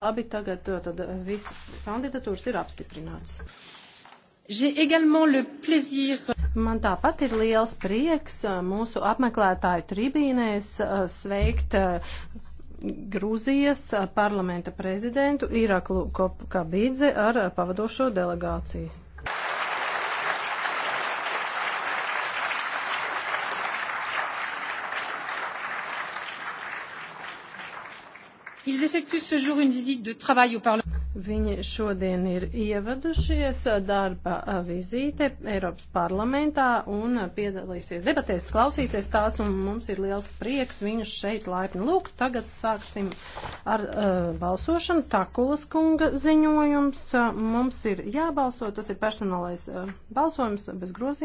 Abi tagad uh, tad uh, visas kandidatūras ir apstiprināts. Man tāpat ir liels prieks uh, mūsu apmeklētāju tribīnēs sveikt Grūzijas parlamenta prezidentu Iraklu Kopkabidze ar pavadošo delegāciju. Ils effectuent ce jour une visite de travail au Parlement. Viņi šodien ir ievadušies darba vizīte Eiropas parlamentā un piedalīsies debatēs, klausīsies tās, un mums ir liels prieks viņus šeit laipni lūgt. Tagad sāksim ar uh, balsošanu. Takulas kunga ziņojums. Mums ir jābalso, tas ir personālais uh, balsojums bez grozījuma.